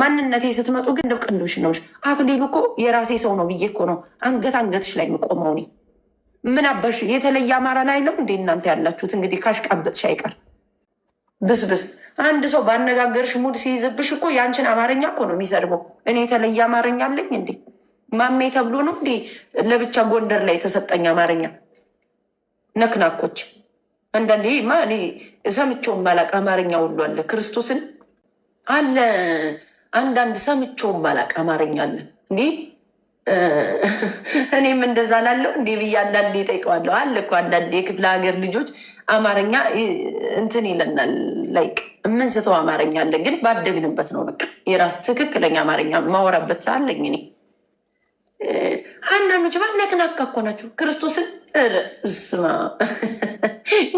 ማንነቴ ስትመጡ ግን ደው ነው። አክሊሉ እኮ የራሴ ሰው ነው ብዬ እኮ ነው አንገት አንገትሽ ላይ የምቆመው እኔ። ምን አበሽ የተለየ አማራ ላይ ነው እንዴ እናንተ ያላችሁት? እንግዲህ ካሽቃበጥሽ አይቀር ብስብስ። አንድ ሰው ባነጋገርሽ ሙድ ሲይዝብሽ እኮ ያንችን አማርኛ እኮ ነው የሚሰድበው። እኔ የተለየ አማርኛ አለኝ እንዴ? ማሜ ተብሎ ነው እንዴ ለብቻ ጎንደር ላይ የተሰጠኝ አማርኛ? ነክናኮች አንዳንዴ ማ እኔ ሰምቼውም አላውቅ አማርኛ ሁሉ አለ ክርስቶስን አለ አንዳንድ ሰምቼውም አላውቅ አማርኛ አለ እንዲ እኔም እንደዛ ላለው እንዲ ብዬ አንዳንዴ እጠይቀዋለሁ። አለ እኮ አንዳንዴ የክፍለ ሀገር ልጆች አማርኛ እንትን ይለናል፣ ላይቅ የምንስተው አማርኛ አለ። ግን ባደግንበት ነው በቃ የራስ ትክክለኛ አማርኛ ማወራበት አለኝ እኔ አንዳንዶች ነቅናቃ እኮ ናቸው። ክርስቶስን እስማ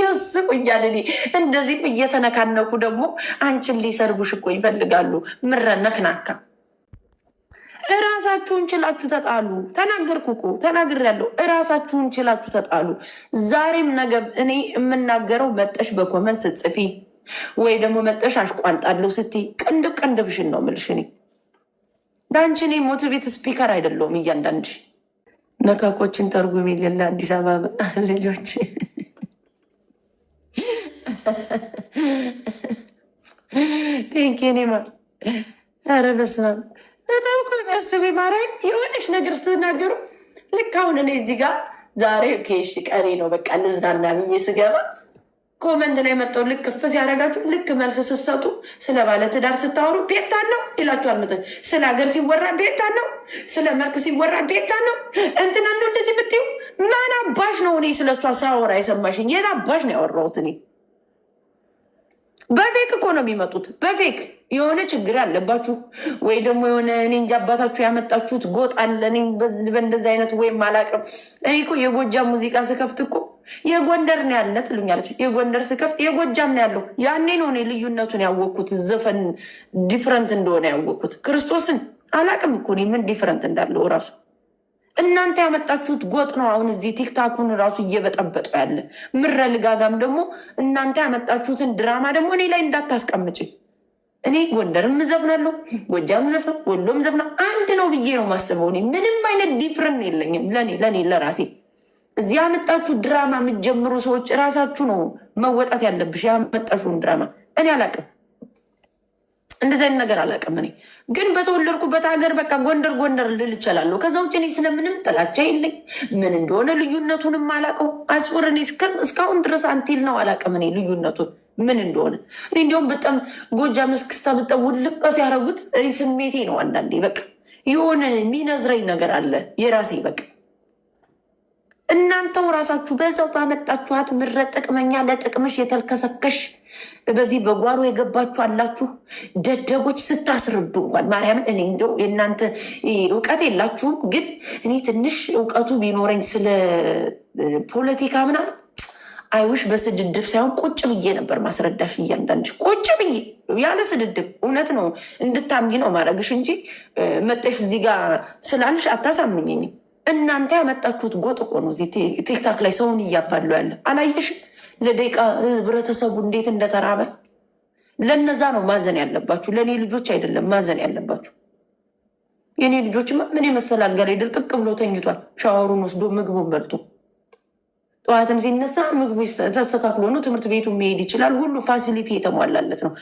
ያስቁኛል። እኔ እንደዚህ እየተነካነኩ ደግሞ አንቺን ሊሰርቡሽ እኮ ይፈልጋሉ። ምረ ነክናካ እራሳችሁን ችላችሁ ተጣሉ። ተናገርኩ እኮ ተናግሬያለሁ። እራሳችሁን ችላችሁ ተጣሉ። ዛሬም ነገም እኔ የምናገረው መጠሽ በኮመን ስጽፊ ወይ ደግሞ መጠሽ አሽቋልጣለሁ ስቲ ቅንድብ ቅንድብሽን ነው የምልሽ እኔ እንዳንቺ እኔ ሞቲቬት ስፒከር አይደለሁም። እያንዳንድ ነካኮችን ተርጉም የሌለ አዲስ አበባ ልጆች ቴንኪ ኔማር ኧረ በስመ አብ በጣም እኮ የሚያስበኝ ማርያም የሆነች ነገር ስትናገሩ ልክ አሁን እኔ እዚህ ጋር ዛሬ ኬሽ ቀኔ ነው በቃ ልዝናና ብዬ ስገባ ኮመንት ላይ መጠው ልክ ፍዝ ያደረጋችሁ ልክ መልስ ስትሰጡ ስለ ባለትዳር ስታወሩ ቤታ ነው ይላችኋል። መጠ ስለ ሀገር ሲወራ ቤታ ነው፣ ስለ መልክ ሲወራ ቤታ ነው፣ እንትና ነው እንደዚህ የምትይው ማን አባሽ ነው? እኔ ስለ እሷ ሳወራ የሰማሽኝ? የት አባሽ ነው ያወራሁት? እኔ በፌክ እኮ ነው የሚመጡት። በፌክ የሆነ ችግር አለባችሁ ወይ ደግሞ የሆነ እኔ እንጃ አባታችሁ ያመጣችሁት ጎጥ አለ። እኔ በእንደዚህ አይነት ወይም አላቅም። እኔ እኮ የጎጃ ሙዚቃ ስከፍት እኮ የጎንደር ነው ያለ ትሉኛለች። የጎንደር ስከፍት የጎጃም ነው ያለው። ያኔ ነው እኔ ልዩነቱን ያወቅኩት፣ ዘፈን ዲፍረንት እንደሆነ ያወቅኩት። ክርስቶስን አላቅም እኮ እኔ ምን ዲፍረንት እንዳለው እራሱ እናንተ ያመጣችሁት ጎጥ ነው። አሁን እዚህ ቲክታኩን ራሱ እየበጠበጠ ያለ ምረ ልጋጋም ደግሞ እናንተ ያመጣችሁትን ድራማ ደግሞ እኔ ላይ እንዳታስቀምጭ። እኔ ጎንደርም ዘፍናለሁ፣ ጎጃም ዘፍና፣ ወሎም ዘፍና አንድ ነው ብዬ ነው ማስበው። እኔ ምንም አይነት ዲፍረንት የለኝም ለእኔ ለእኔ ለራሴ እዚህ ያመጣችሁ ድራማ የምትጀምሩ ሰዎች እራሳችሁ ነው መወጣት ያለብሽ። ያመጣሽውን ድራማ እኔ አላቅም፣ እንደዚህ አይነት ነገር አላቅም። እኔ ግን በተወለድኩበት ሀገር በቃ ጎንደር ጎንደር ልል እችላለሁ። ከዛ ውጭ እኔ ስለምንም ጥላቻ የለኝ። ምን እንደሆነ ልዩነቱንም አላቀው አስወር እኔ እስካሁን ድረስ አንቲል ነው አላቅም። እኔ ልዩነቱን ምን እንደሆነ እኔ እንዲሁም በጣም ጎጃም እስክስታ በጣም ውልቀት ያደረጉት ስሜቴ ነው። አንዳንዴ በቃ የሆነ የሚነዝረኝ ነገር አለ የራሴ በቃ እናንተው ራሳችሁ በዛው ባመጣችኋት ምረ ጥቅመኛ ለጥቅምሽ የተልከሰከሽ በዚህ በጓሮ የገባችሁ አላችሁ ደደጎች። ስታስረዱ እንኳን ማርያምን እኔ እንደው የእናንተ እውቀት የላችሁም፣ ግን እኔ ትንሽ እውቀቱ ቢኖረኝ ስለ ፖለቲካ ምናምን አይውሽ በስድድብ ሳይሆን ቁጭ ብዬ ነበር ማስረዳሽ። እያንዳንድሽ ቁጭ ብዬ ያለ ስድድብ እውነት ነው እንድታምኝ ነው ማድረግሽ እንጂ መጠሽ እዚህ ጋር ስላልሽ አታሳምኝኝም። እናንተ ያመጣችሁት ጎጥ እኮ ነው። እዚህ ቲክታክ ላይ ሰውን እያባሉ ያለ አላየሽ? ለደቂቃ ህብረተሰቡ እንዴት እንደተራበ ለነዛ ነው ማዘን ያለባችሁ። ለእኔ ልጆች አይደለም ማዘን ያለባችሁ። የእኔ ልጆች ምን የመሰለ አልጋ ላይ ድርቅቅ ብሎ ተኝቷል። ሻወሩን ወስዶ ምግቡን በልቶ ጠዋትም ሲነሳ ምግቡ ተስተካክሎ ነው ትምህርት ቤቱ መሄድ ይችላል። ሁሉ ፋሲሊቲ የተሟላለት ነው።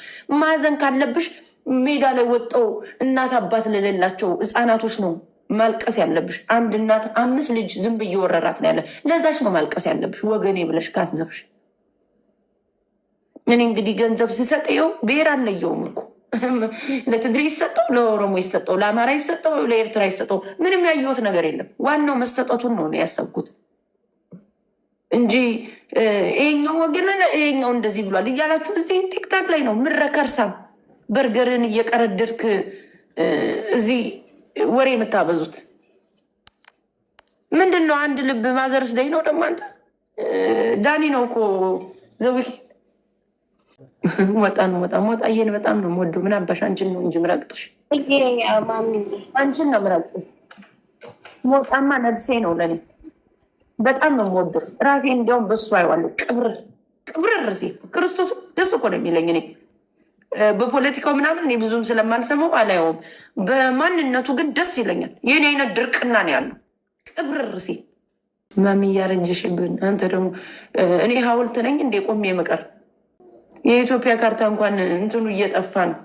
ማዘን ካለብሽ ሜዳ ላይ ወጠው እናት አባት ለሌላቸው ህፃናቶች ነው ማልቀስ ያለብሽ አንድ እናት አምስት ልጅ ብዬ እየወረራት ነው ያለ። ለዛች ነው ማልቀስ ያለብሽ ወገኔ ብለሽ ካስዘብሽ። እኔ እንግዲህ ገንዘብ ስሰጥ ይኸው ብሔር አለየውም እኮ ለትግሬ ይሰጠው፣ ለኦሮሞ ይሰጠው፣ ለአማራ ይሰጠው፣ ለኤርትራ ይሰጠው፣ ምንም ያየሁት ነገር የለም። ዋናው መሰጠቱን ነው ያሰብኩት እንጂ ይሄኛው ወገን ይሄኛው እንደዚህ ብሏል እያላችሁ እዚህ ቲክታክ ላይ ነው ምረከርሳም በርገርን እየቀረደድክ እዚህ ወሬ የምታበዙት ምንድን ነው? አንድ ልብ ማዘርስ ደይ ነው ደግሞ አንተ ዳኒ ነው እኮ ዘዊ ነው ወጣን ወጣን ይሄን በጣም ነው ወዶ ምን አባሽ አንቺን ነው እንጂ ምረግጥሽ አንቺን ነው ምረግጥሽ። ሞጣማ ነብሴ ነው ለኔ በጣም ነው ወዶ ራሴ እንዲያውም በሱ አይዋለሁ ቅብር ቅብር ርሴ ክርስቶስ ደስ እኮ ነው የሚለኝ እኔ በፖለቲካው ምናምን እኔ ብዙም ስለማልሰማው አላየውም። በማንነቱ ግን ደስ ይለኛል። የኔ አይነት ድርቅና ነው ያለው። ቅብርር ሲል ማሚ እያረጀሽብን፣ አንተ ደግሞ እኔ ሀውልት ነኝ እንዴ ቆሜ መቀር? የኢትዮጵያ ካርታ እንኳን እንትኑ እየጠፋ ነው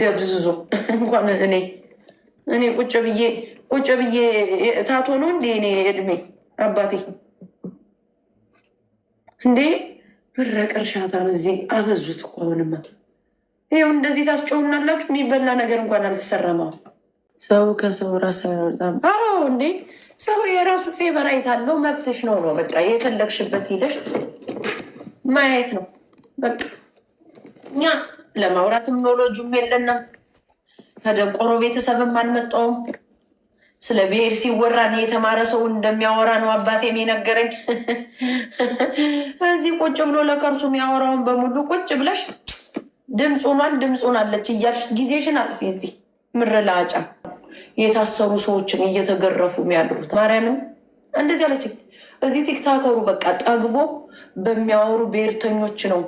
ደብዝዞ። እንኳን እኔ እኔ ቁጭ ብዬ ቁጭ ብዬ ታቶ ነው እንዴ እኔ እድሜ አባቴ እንዴ ምረቀርሻታ እዚህ አበዙት እኮ አሁንማ ይኸው እንደዚህ ታስጨውናላችሁ። የሚበላ ነገር እንኳን አልተሰረመው። ሰው ከሰው ራስ አይወጣም። አዎ እንዴ ሰው የራሱ ፌቨራይት አለው። መብትሽ ነው ነው በቃ የፈለግሽበት ሂደሽ ማየት ነው በቃ። እኛ ለማውራትም ኖሎጂም የለንም። ከደንቆሮ ቤተሰብም አልመጣውም። ስለ ብሔር ሲወራ እኔ የተማረ ሰው እንደሚያወራ ነው አባቴም የነገረኝ። በዚህ ቁጭ ብሎ ለከርሱ የሚያወራውን በሙሉ ቁጭ ብለሽ ድምፅ ሆኗል፣ ድምፅ ሆናለች እያልሽ ጊዜሽን አጥፊ። እዚህ ምረላጫ የታሰሩ ሰዎችን እየተገረፉ የሚያድሩት ማርያምን እንደዚህ አለች። እዚህ ቲክታከሩ በቃ ጠግቦ በሚያወሩ ብሔርተኞች ነው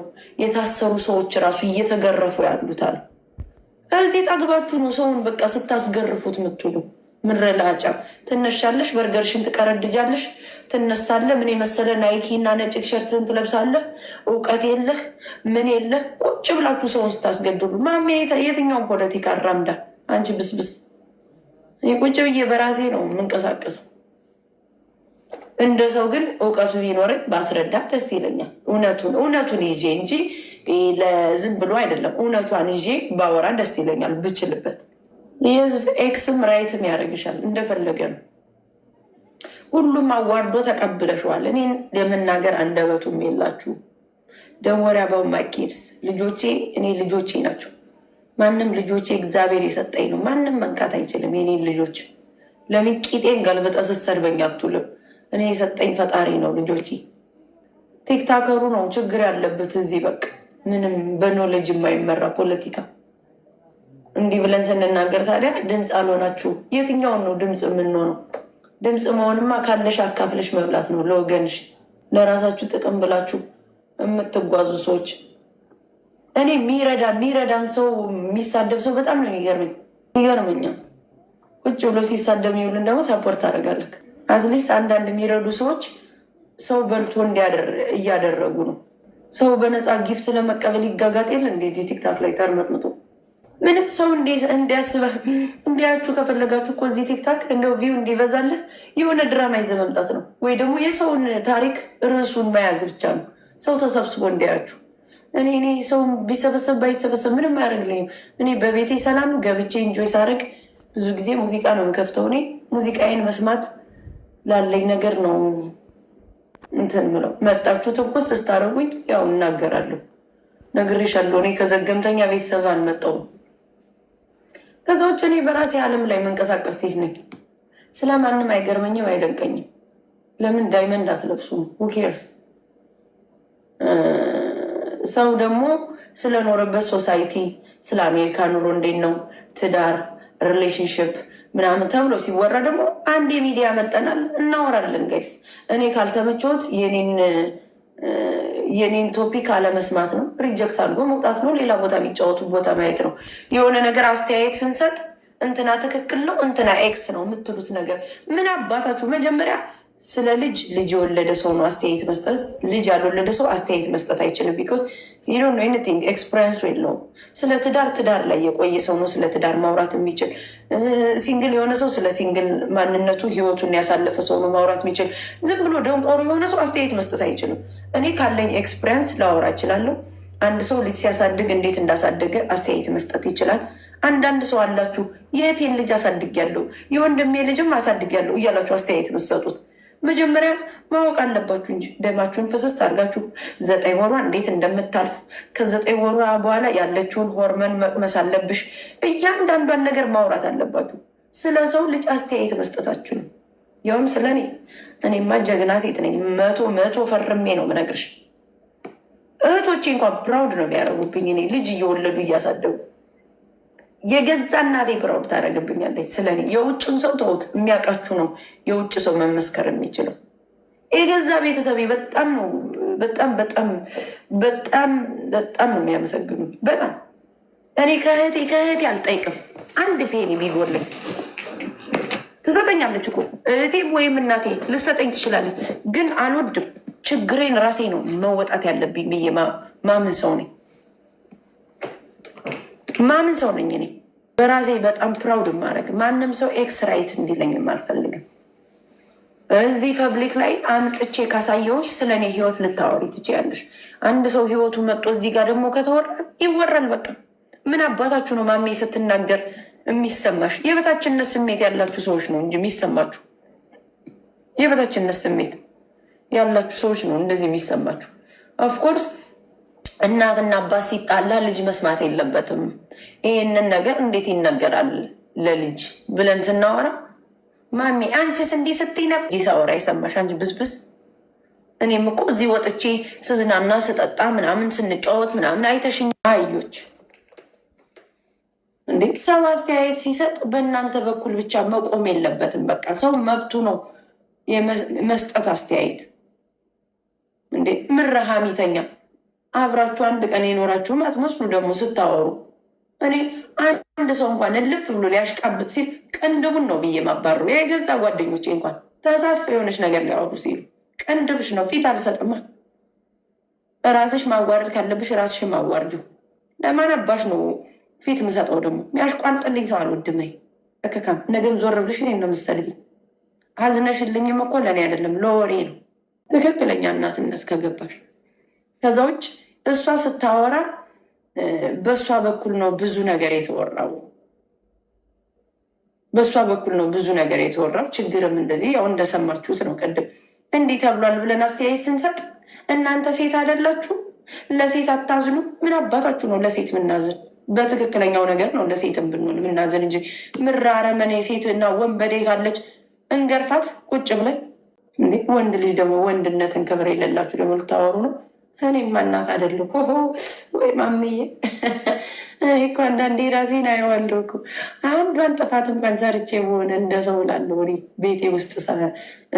የታሰሩ ሰዎች ራሱ እየተገረፉ ያሉታል። እዚህ ጠግባችሁ ነው ሰውን በቃ ስታስገርፉት ምትሉ ምረላጫ ትነሻለሽ፣ በርገርሽን ትቀረድጃለሽ፣ ትነሳለ። ምን የመሰለ ናይኪ እና ነጭ ቲሸርትን ትለብሳለ። እውቀት የለህ ምን የለህ። ቁጭ ብላችሁ ሰውን ስታስገድሉ ማሚያ፣ የትኛውን ፖለቲካ አራምዳ አንቺ ብስብስ። ቁጭ ብዬ በራሴ ነው የምንቀሳቀሰው። እንደ ሰው ግን እውቀቱ ቢኖረኝ ባስረዳ ደስ ይለኛል። እውነቱን እውነቱን ይዤ እንጂ ለዝም ብሎ አይደለም። እውነቷን ይዤ ባወራ ደስ ይለኛል ብችልበት የህዝብ ኤክስም ራይትም ያደርግሻል እንደፈለገ ነው። ሁሉም አዋርዶ ተቀብለሸዋል። እኔን ለመናገር አንደበቱም የላችሁ ደወሪያ በማኪድስ ልጆቼ እኔ ልጆቼ ናቸው። ማንም ልጆቼ እግዚአብሔር የሰጠኝ ነው። ማንም መንካት አይችልም የኔን ልጆች። ለምን ቂጤን ገልብጠ ስትሰድበኝ አትውልም። እኔ የሰጠኝ ፈጣሪ ነው ልጆቼ። ቲክታከሩ ነው ችግር ያለበት እዚህ በቃ ምንም በኖሌጅ የማይመራ ፖለቲካ እንዲህ ብለን ስንናገር ታዲያ ድምፅ አልሆናችሁ። የትኛውን ነው ድምፅ የምንሆነው? ድምፅ መሆንማ ካለሽ አካፍለሽ መብላት ነው። ለወገንሽ ለራሳችሁ ጥቅም ብላችሁ የምትጓዙ ሰዎች እኔ የሚረዳ የሚረዳን ሰው የሚሳደብ ሰው በጣም ነው የሚገርመኝ። ይገርመኛል። ቁጭ ብሎ ሲሳደብ የሚውልን ደግሞ ሰፖርት ታደርጋለህ። አትሊስት አንዳንድ የሚረዱ ሰዎች ሰው በልቶ እያደረጉ ነው። ሰው በነፃ ጊፍት ለመቀበል ይጋጋጥ እንደዚህ ቲክታክ ላይ ተርመጥምጦ ምንም ሰው እንዲያስበህ እንዲያችሁ ከፈለጋችሁ እኮ እዚህ ቲክታክ እንደው ቪው እንዲበዛልህ የሆነ ድራማ ይዘህ መምጣት ነው፣ ወይ ደግሞ የሰውን ታሪክ ርዕሱን መያዝ ብቻ ነው። ሰው ተሰብስቦ እንዲያችሁ። እኔ እኔ ሰው ቢሰበሰብ ባይሰበሰብ ምንም አያደርግልኝም። እኔ በቤቴ ሰላም ገብቼ እንጆይ ሳደርግ ብዙ ጊዜ ሙዚቃ ነው የምከፍተው። እኔ ሙዚቃዬን መስማት ላለኝ ነገር ነው እንትን ምለው። መጣችሁ ትኩስ ስታደርጉኝ ያው እናገራለሁ። ነግሬሻለሁ። እኔ ከዘገምተኛ ቤተሰብ አልመጣሁም። ከዛ ውጭ እኔ በራሴ ዓለም ላይ መንቀሳቀስ ሴት ነኝ። ስለ ማንም አይገርመኝም፣ አይደንቀኝም። ለምን ዳይመንድ አትለብሱም? ሁኬርስ ሰው ደግሞ ስለኖረበት ሶሳይቲ፣ ስለ አሜሪካ ኑሮ እንዴት ነው ትዳር፣ ሪሌሽንሽፕ ምናምን ተብሎ ሲወራ ደግሞ አንድ የሚዲያ መጠናል እናወራለን። ጋይስ እኔ ካልተመቾት የኔን የኔን ቶፒክ አለመስማት ነው፣ ሪጀክት አድርጎ መውጣት ነው፣ ሌላ ቦታ የሚጫወቱ ቦታ ማየት ነው። የሆነ ነገር አስተያየት ስንሰጥ እንትና ትክክል ነው እንትና ኤክስ ነው የምትሉት ነገር ምን አባታችሁ መጀመሪያ ስለ ልጅ ልጅ የወለደ ሰው ነው አስተያየት መስጠት። ልጅ ያልወለደ ሰው አስተያየት መስጠት አይችልም። ቢኮዝ ዩ ነው ኤኒቲንግ ኤክስፐሪንሱ የለውም። ስለ ትዳር ትዳር ላይ የቆየ ሰው ነው ስለ ትዳር ማውራት የሚችል። ሲንግል የሆነ ሰው ስለ ሲንግል ማንነቱ ህይወቱን ያሳለፈ ሰው ነው ማውራት የሚችል። ዝም ብሎ ደንቆሮ የሆነ ሰው አስተያየት መስጠት አይችልም። እኔ ካለኝ ኤክስፐሪንስ ላወራ እችላለሁ። አንድ ሰው ልጅ ሲያሳድግ እንዴት እንዳሳደገ አስተያየት መስጠት ይችላል። አንዳንድ ሰው አላችሁ የእህቴን ልጅ አሳድግ ያለው የወንድሜ ልጅም አሳድግ ያለው እያላችሁ አስተያየት መሰጡት መጀመሪያ ማወቅ አለባችሁ እንጂ ደማችሁን ፍስስ አድርጋችሁ ዘጠኝ ወሯ እንዴት እንደምታልፍ ከዘጠኝ ወሯ በኋላ ያለችውን ሆርመን መቅመስ አለብሽ። እያንዳንዷን ነገር ማውራት አለባችሁ። ስለ ሰው ልጅ አስተያየት መስጠታችሁ ነው። ያውም ስለ እኔ። እኔማ ጀግና ሴት ነኝ። መቶ መቶ ፈርሜ ነው ምነግርሽ። እህቶቼ እንኳን ፕራውድ ነው የሚያደርጉብኝ እኔ ልጅ እየወለዱ እያሳደጉ የገዛ እናቴ ፕራውድ ታደርግብኛለች ስለኔ። የውጭን ሰው ተውት፣ የሚያውቃችሁ ነው የውጭ ሰው መመስከር የሚችለው። የገዛ ቤተሰቤ በጣም ነው በጣም በጣም በጣም በጣም ነው የሚያመሰግኑ። በጣም እኔ ከእህቴ ከእህቴ አልጠይቅም። አንድ ፔኒ ቢጎልኝ ትሰጠኛለች እኮ እህቴ ወይም እናቴ ልሰጠኝ ትችላለች፣ ግን አልወድም። ችግሬን ራሴ ነው መወጣት ያለብኝ ብዬ ማምን ሰው ነኝ። ማምን ሰው ነኝ እኔ በራሴ በጣም ፕራውድ ማድረግ ማንም ሰው ኤክስራይት እንዲለኝም አልፈልግም። እዚህ ፐብሊክ ላይ አምጥቼ ካሳየዎች ስለ እኔ ህይወት ልታወሪ ትችያለሽ። አንድ ሰው ህይወቱ መጥቶ እዚህ ጋር ደግሞ ከተወራ ይወራል። በቃ ምን አባታችሁ ነው ማሜ ስትናገር የሚሰማሽ? የበታችነት ስሜት ያላችሁ ሰዎች ነው እንጂ የሚሰማችሁ የበታችነት ስሜት ያላችሁ ሰዎች ነው እንደዚህ የሚሰማችሁ ኦፍኮርስ እናትና አባት ሲጣላ ልጅ መስማት የለበትም። ይህንን ነገር እንዴት ይነገራል ለልጅ ብለን ስናወራ ማሚ አንቺስ እንዲህ ስትይ ነበር ሳወራ የሰማሽ አንቺ ብስብስ። እኔም እኮ እዚህ ወጥቼ ስዝናና ስጠጣ ምናምን ስንጫወት ምናምን አይተሽኝ አዮች እንዴት ሰው አስተያየት ሲሰጥ በእናንተ በኩል ብቻ መቆም የለበትም። በቃ ሰው መብቱ ነው የመስጠት አስተያየት። እንዴ ምረሃሚተኛ አብራችሁ አንድ ቀን የኖራችሁ አትመስሉ። ደግሞ ስታወሩ እኔ አንድ ሰው እንኳን እልፍ ብሎ ሊያሽቃብጥ ሲል ቅንድቡን ነው ብዬ ማባረሩ። የገዛ ጓደኞቼ እንኳን ተሳስፈ የሆነች ነገር ሊያወሩ ሲሉ ቅንድብሽ ነው ፊት አልሰጥማ። ራስሽ ማዋረድ ካለብሽ ራስሽ ማዋርጁ። ለማን አባሽ ነው ፊት ምሰጠው? ደግሞ የሚያሽቋልጥልኝ ሰው አልወድም። እከካም ነገም ዞር ብልሽ እኔን ነው የምትሰድቢኝ። አዝነሽልኝም እኮ ለእኔ አይደለም ለወሬ ነው። ትክክለኛ እናትነት ከገባሽ ከዛ ውጭ እሷ ስታወራ በእሷ በኩል ነው ብዙ ነገር የተወራው። በእሷ በኩል ነው ብዙ ነገር የተወራው። ችግርም እንደዚህ ያው እንደሰማችሁት ነው። ቅድም እንዲህ ተብሏል ብለን አስተያየት ስንሰጥ እናንተ ሴት አይደላችሁ፣ ለሴት አታዝኑ። ምን አባታችሁ ነው ለሴት ምናዝን? በትክክለኛው ነገር ነው ለሴትም ብንሆን ምናዝን እንጂ ምራረመኔ ሴት እና ወንበዴ ካለች እንገርፋት ቁጭ ብለን። ወንድ ልጅ ደግሞ ወንድነትን ክብር የሌላችሁ ደግሞ ልታወሩ ነው እኔ ማናት አይደለሁ ወይ ማምዬ። እኔ እኮ አንዳንዴ ራሴን አየዋለሁ እኮ አንዷን ጥፋት እንኳን ሰርቼ በሆነ እንደ ሰው እላለሁ። እኔ ቤቴ ውስጥ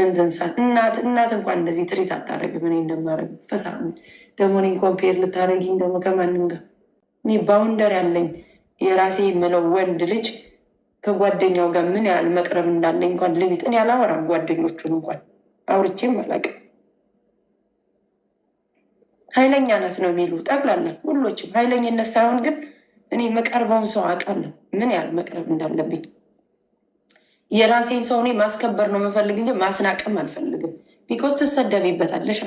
እንትን እናት እናት እንኳን እንደዚህ ትሪት አታደርግም። እኔ እንደማደርግ ፈሳ ደግሞ እኔን ኮምፔር ልታደርጊኝ ደግሞ ከማንም ጋር እኔ ባውንደር ያለኝ የራሴ የምለው ወንድ ልጅ ከጓደኛው ጋር ምን ያህል መቅረብ እንዳለኝ እንኳን ልሚት እኔ አላወራም። ጓደኞቹን እንኳን አውርቼም አላውቅም። ኃይለኛነት ነው የሚሉ ጠቅላላ ሁሎችም። ኃይለኝነት ሳይሆን ግን እኔ መቀርበውን ሰው አውቃለሁ፣ ምን ያህል መቅረብ እንዳለብኝ። የራሴን ሰው እኔ ማስከበር ነው የምፈልግ እንጂ ማስናቅም አልፈልግም። ቢኮስ ትሰደቢበታለሽ።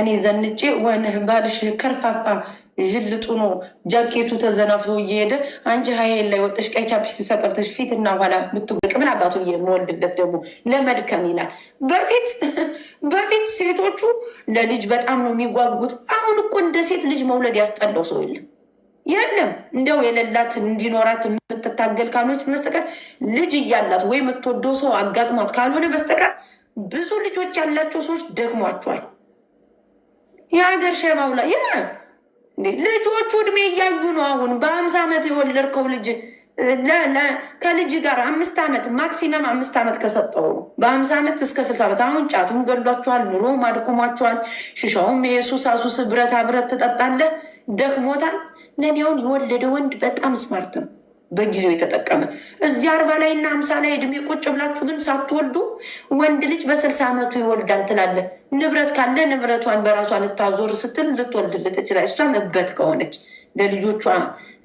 እኔ ዘንጬ ወንህ ባልሽ ከርፋፋ ዥልጡ ነው ጃኬቱ ተዘናፍቶ እየሄደ አንቺ ሀይል ላይ ወጠሽ ቀይ ቻፕስቲ ተቀብተሽ ፊት እና ኋላ ብትወቅ ምን አባቱ የምወልድለት ደግሞ ለመድከም ይላል። በፊት በፊት ሴቶቹ ለልጅ በጣም ነው የሚጓጉት። አሁን እኮ እንደ ሴት ልጅ መውለድ ያስጠላው ሰው የለም የለም እንደው የሌላት እንዲኖራት የምትታገል ካልሆነች በስተቀር ልጅ እያላት ወይ የምትወደው ሰው አጋጥሟት ካልሆነ በስተቀር ብዙ ልጆች ያላቸው ሰዎች ደክሟቸዋል። የሀገር ሸማውላ ልጆቹ እድሜ እያዩ ነው። አሁን በአምሳ ዓመት የወለድከው ልጅ ከልጅ ጋር አምስት ዓመት ማክሲመም አምስት ዓመት ከሰጠው ነው። ዓመት እስከ ስልሳ ዓመት አሁን ጫቱም ገሏቸዋል፣ ኑሮም አድኩሟቸዋል፣ ሽሻውም የሱስ አሱስ ብረታ ብረት ትጠጣለህ፣ ደክሞታል። ለእኔ አሁን የወለደ ወንድ በጣም ስማርት ነው። በጊዜው የተጠቀመ እዚህ አርባ ላይ እና ሀምሳ ላይ እድሜ ቁጭ ብላችሁ ግን ሳትወልዱ ወንድ ልጅ በስልሳ ዓመቱ ይወልዳል ትላለ። ንብረት ካለ ንብረቷን በራሷ ልታዞር ስትል ልትወልድልት ትችላል። እሷ መበት ከሆነች ለልጆቿ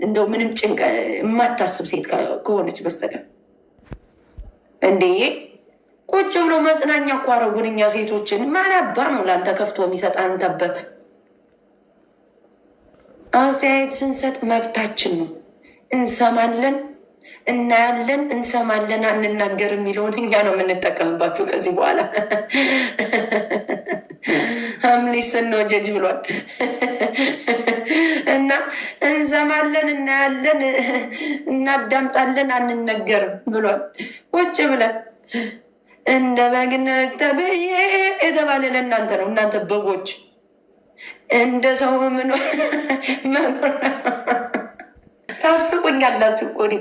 እንደው ምንም ጭንቀ የማታስብ ሴት ከሆነች በስተቀር እንዴ ቁጭ ብሎ መጽናኛ እኮ እኛ ሴቶችን። ማናባ ነው ለአንተ ከፍቶ የሚሰጥ አንተበት አስተያየት ስንሰጥ መብታችን ነው። እንሰማለን፣ እናያለን፣ እንሰማለን፣ አንናገር የሚለውን እኛ ነው የምንጠቀምባቸው ከዚህ በኋላ አምሊስን ነው ጀጅ ብሏል እና እንሰማለን፣ እናያለን፣ እናዳምጣለን፣ አንነገርም ብሏል። ቁጭ ብለን እንደ በግን ተብዬ የተባለ ለእናንተ ነው። እናንተ በጎች እንደ ሰው ምን ታስቁኛላችሁ እኮ እኔ